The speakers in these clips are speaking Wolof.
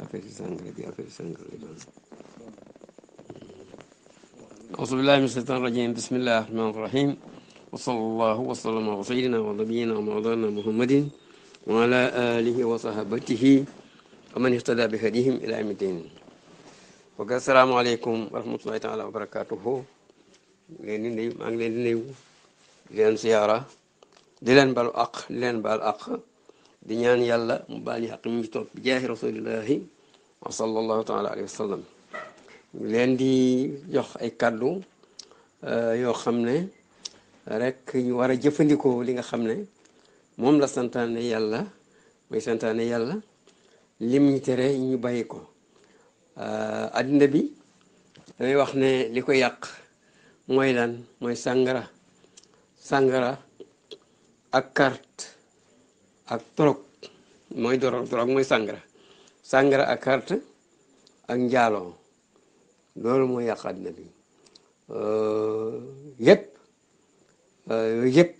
أفيس سانغريبي أفيس سانغريبي أعوذ بالله من الشيطان الرجيم بسم الله الرحمن الرحيم وصلى الله وسلم على سيدنا ونبينا ومولانا محمد وعلى آله وصحبه ومن اهتدى بهديهم إلى يوم الدين السلام عليكم ورحمة الله تعالى وبركاته leen di nuyu maa ngi leen di nuyu di leen siyaara di ñaan yàlla mu baal ñu xaq ñu ci topp bi jaahi rasulillahi wa sallallahu wa sallam ñu leen di jox ay kàddu euh, yoo xam ne rekk ñu war a jëfandikoo li nga xam ne moom la santaane yàlla mooy santaane yàlla lim ñu tere ñu bàyyi ko euh, addina bi damay wax ne li ko yàq mooy lan mooy sàngara sàngara ak carte ak torog mooy dorog dorog mooy sàngara sàngara ak kart ak njaaloo loolu mooy yàq àddina bi yëpp yëpp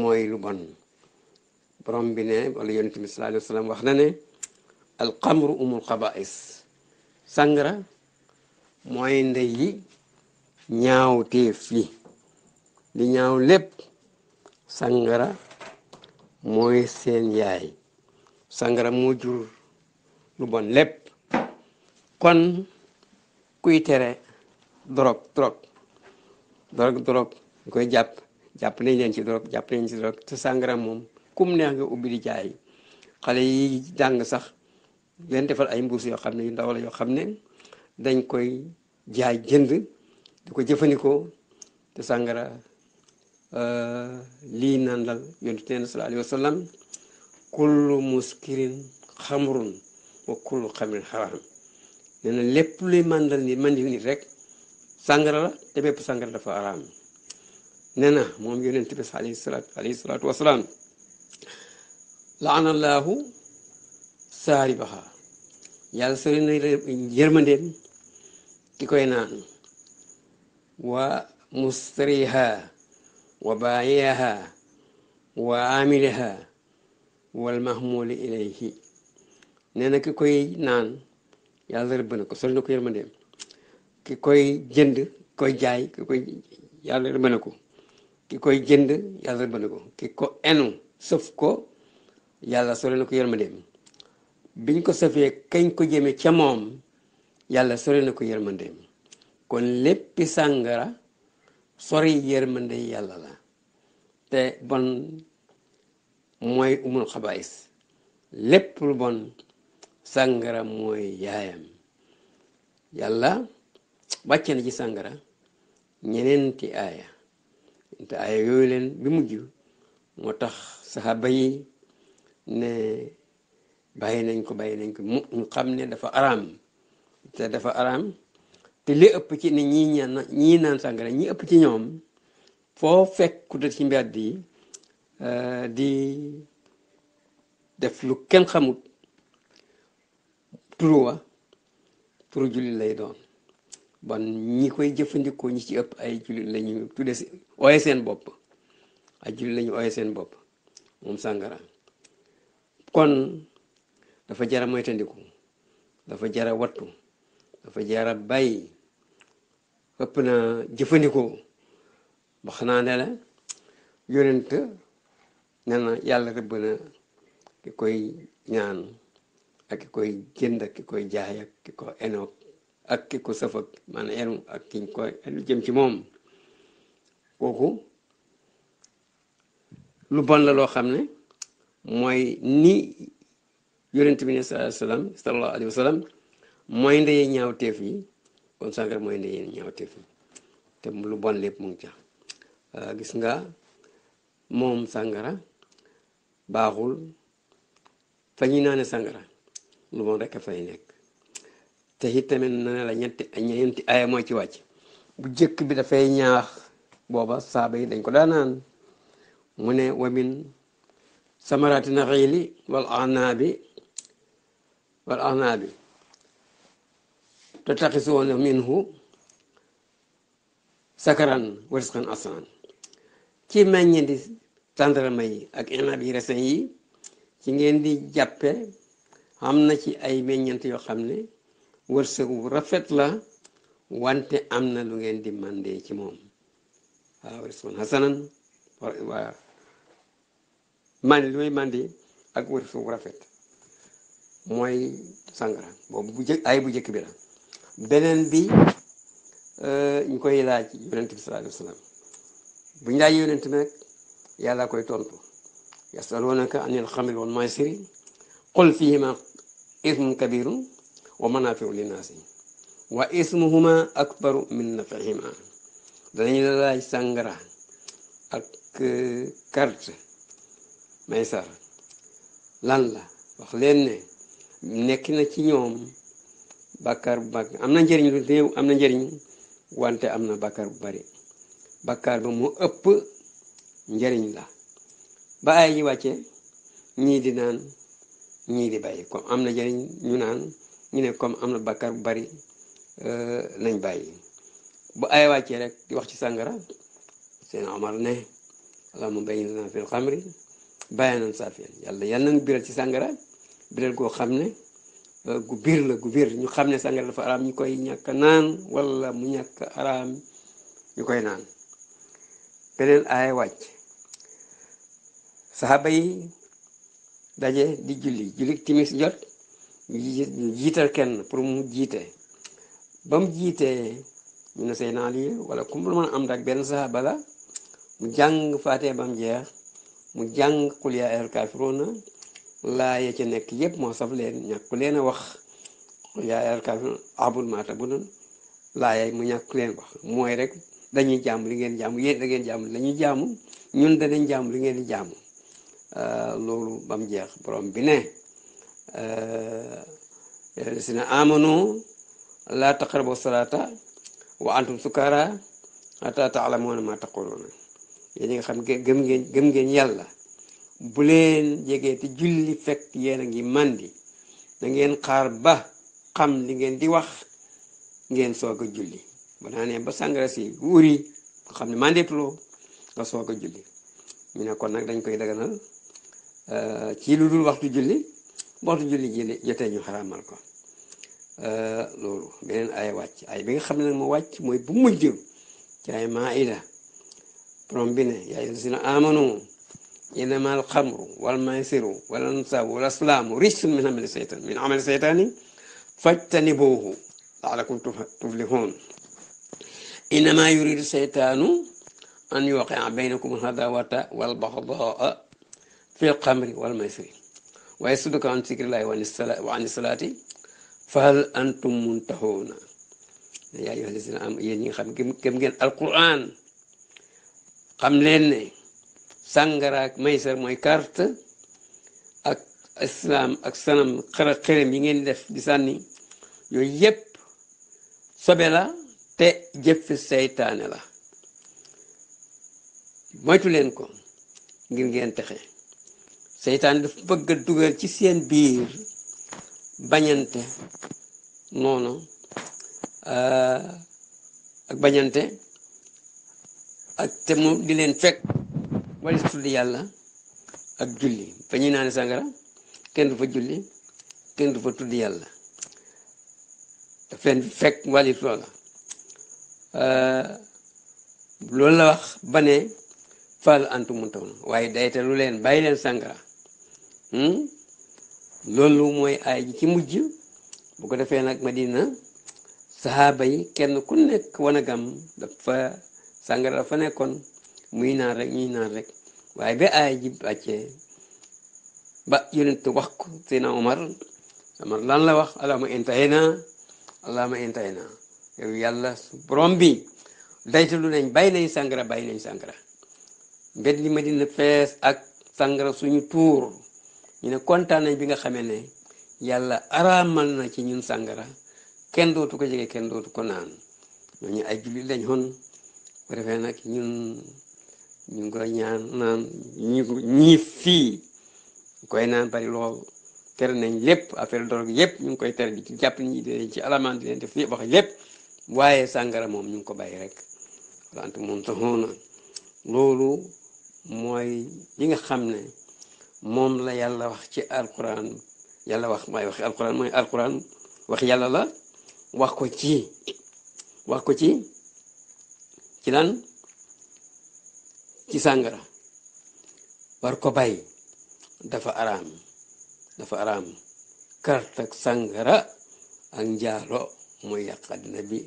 mooy lu bon borom bi ne wala yonent bi sallallahu alayhi wa wax na ne al xamru umul xaba'is sàngara mooy ndey yi ñaaw téef yi li ñaaw lépp sàngara mooy seen yaay sàngara moo jur lu bon lépp kon kuy tere dorog dorog dorog dorog ñu koy jàpp jàpp nañ leen ci dorog jàpp nañ ci dorog te sàngara moom kum neex nga ubbi di jaay xale yi jàng sax leen defal ay mbuus yoo xam ne yu ndaw la yoo xam ne dañ koy jaay jënd di ko jëfandikoo te sàngara Euh, lii naan la yonent nee na sallallahu alayhi wa sallam kullu muskirin xamrun wa kullu xamrin xaraam nee na lépp luy màndal ni mandil nit rek sàngara la te bépp sàngara dafa araam nee na moom yonent bi alayhi salaatu alayhi salaatu wasalaam laanallaahu saaribaha yàlla sori na yërmandeem ki koy naan wa mustariha وبائعها وعاملها والمحمول إليه nee na ki koy naan yàlla rëbb na ko sol na ko yërmandeem ki koy jënd koy jaay ki koy yàlla rëbb ko ki koy jënd yàlla rëbb ko ki ko enu sëf ko yàlla sole na ko yërmandeem biñ ko sëfee kañ ko jëme ca moom yàlla sole na ko yërmandeem kon léppi sàngara sori yërmande yàlla la te bon mooy umul xabaayis lépp bon sàngara mooy yaayam yàlla wàcce na ci sàngara ñeneenti aaya te aaya yooyu leen bi mujj moo tax saxaaba yi ne bàyyi nañ ko bàyyi nañ ko mu xam ne dafa araam te dafa araam te li ëpp ci ne ñii ñaan ñii naan sàngara ñi ëpp ci ñoom foo fekk ku def ci mbedd yi euh, di def lu kenn xamut turu wa turu jullit lay doon bon ñi koy jëfandikoo ñi ci ëpp ay jullit la ñu tudde ooye seen bopp ay jullit la ooye seen bopp moom sàngara kon dafa jara moytandiku dafa jara wattu dafa jara bàyyi ëpp na jëfandikoo ba xanaa ne la yonent ne na yàlla rëbb na ki koy ñaan ak ki koy jënd ak ki koy jaay ak ki ko enoog ak ki ko sëf ak maanaam enu ak ki koy jëm ci moom kooku lu bon la loo xam ne mooy ni yonent bi ne sallallahu alayhi wa sallam mooy ndeye ñaaw teef yi kon sàngara mooy ndey ñaawteef te lu bon lépp mu ngi ca euh, gis nga moom sàngara baaxul fa ñu naane sàngara lu bon rek a fay nekk te it tamit na ne la ñeenti aaya mooy ci wàcc bu jëkk bi dafay ñaax booba saaba yi dañ ko daan naan mu ne wamin samaraati naxiili wal anaabi wal anaabi tattaxisuuna minhu sakaran wa risqan hasanan ci meññeenti tàndarma yi ak inab yi resin yi ci ngeen di jàppe am na ci ay meññeent yoo xam ne wërsëg rafet la wante am na lu ngeen di mandee ci moom waaw risqan lu may mandi ak wërsëg wu rafet mooy sangara boobu bu ay bu jëkk bi la beneen bi euh, ñu koy laaj yonent bi sallallahu alayhi bu ñu laajee yonent bi nag yàlla koy tontu yasalunaka anil xamri wal maysiri qul fihima ismun kabirun wa manafiu linnaasi wa ismuhuma akbaru min nafihima danañu la laaj sàngara ak euh, carte maysar lan la wax leen ne nekk na ci ñoom bàkkaar bu mag am na njëriñ lu néew am na njëriñ wante am na bàkkaar bu bari bàkkaar ba mu ëpp njariñ la ba ay yi wàcce ñii di naan ñii di bàyyi comme am na njariñ ñu naan ñu ne comme am na bàkkaar bu bari euh, nañ bàyyi bu ay wàccee rek di wax ci sàngara seen Omar ne allahumma bayyin lanaa fil xamri bayaanan saafiyan yàlla yal nañ biral ci sàngara biral koo xam ne gu bir la gu bir ñu xam ne sàngara dafa araam ñu koy ñàkk naan wala mu ñàkk araam ñu koy naan beneen wàcc sahaba yi daje di julli julli timis jot ñu jiital kenn pour mu jiite ba mu jiitee ñu ne say bala, mujang wala ku mu mën am rek benn sahaba la mu jàng faatee ba jeex mu jàng el kafiruna laa yee ca nekk yépp moo saf leen ñàkku leen a wax yaayal kaafiruun abul maata bu dul laa yaay mu ñàkku leen wax mooy rek dañuy jaamu li ngeen jaamu yéen da ngeen jaamu li lañuy jaamu ñun danañ jaamu li ngeen di jaamu euh, loolu bam jeex borom bi ne euh, si na amanu laa taqrabu salaata wa antum sukaara hatta ta'lamuuna maa taquluuna yéen ñi nga xam gëm ngeen gëm ngeen yàlla bu leen jegee te julli fekk yéen a ngi mandi na ngeen xaar ba xam li ngeen di wax ngeen soog a julli bu nee ba sàngara si wuri nga xam ne màndeetuloo nga soog a julli mu ne kon nag dañ koy daganal euh, ci lu dul waxtu julli waxtu julli ji jotee ñu xaraamal ko euh, loolu beneen ay wàcc ay bi nga xam ne nag moo wàcc mooy bu mujj ci ay maida borom bi ne yaa ayyuhallazina amanu إنما الخمر والميسر والأنساب والأسلام رجس من عمل الشيطان من عمل الشيطان فاجتنبوه لعلكم تفلحون إنما يريد الشيطان أن يوقع بينكم العداوة والبغضاء في الخمر والميسر ويسدك عن ذكر الله وعن الصلاة فهل أنتم منتهون يا أيها الذين آمنوا يا ñi xam gëm sàngaraak maysar mooy kart ak islam ak sanam xara xërëm yi ngeen def di sànni yooyu yépp sobe la te jëfi seytaane la moytu leen ko ngir ngeen texe seytaane dafa bëgg a dugal ci seen biir bañante noonu euh, ak bañante ak te mu di leen fekk walis tudd yàlla ak julli fa ñuy naani sàngara kenn du fa julli kenn du fa tudd yàlla fen fekk walis loola loolu la wax ba ne fal antu mun taw na waaye dayte lu leen bàyyi leen sàngara hmm? loolu mooy ay ji ci mujj bu ko defee nag ma Madina saxaaba yi kenn ku nekk wanagam dafa sàngara dafa nekkoon muy naan rek ñuy naan rek waaye ba ay ji wàccee ba yonent wax ko Seydina Omar Omar lan la wax allahuma intahina allahuma intahina yow yàlla borom bi daytalu nañ bay nañ sàngara bay nañ sàngara mbet li ma dina fees ak sàngara suñu tuur ñu ne kontaan bi nga xamee ne yàlla araamal na ci ñun sàngara kenn dootu ko jege kenn dootu ko naan ñooñu ay jullit lañ xon bu defee nag ñun ñu ngi koy ñaan naan ñi fii koy naan bari lool tere nañ lépp affaire drogue yépp ñu ngi koy tere bi ci jàpp ni di leen ci alamaan di leen def yépp wax lépp waaye sàngara moom ñu ngi ko bàyyi rek wala antum muntahuuna loolu mooy li nga xam ne moom la yàlla wax ci alquran yàlla wax may wax alquran mooy alquran wax yàlla la wax ko ci wax ko ci ci lan ci sàngara war ko bay dafa araam dafa araam kart ak sàngara ak njaalo mooy yàq àddina bi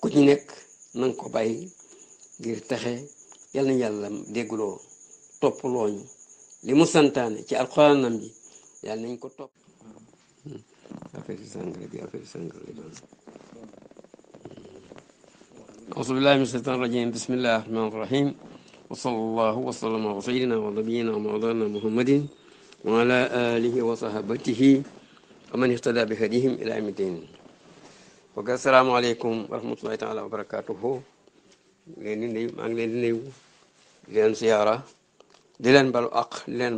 ku ci nekk nanga ko bay ngir texe yàlla na yàlla dégguloo topp looñu li mu santaane ci alxuraanam ji yàlla nañ ko topp hmm. affaire yi sàngara bi bi hmm. auzu billaahi mina sheytaani rajiim bismillaahi وصلى الله وسلم على سيدنا ونبينا ومولانا محمد وعلى آله وصحبه ومن اهتدى بهديهم إلى يوم الدين وقال السلام عليكم ورحمة الله تعالى وبركاته لين نيو nuyu لين نيو لين زياره دي لين leen siyaara di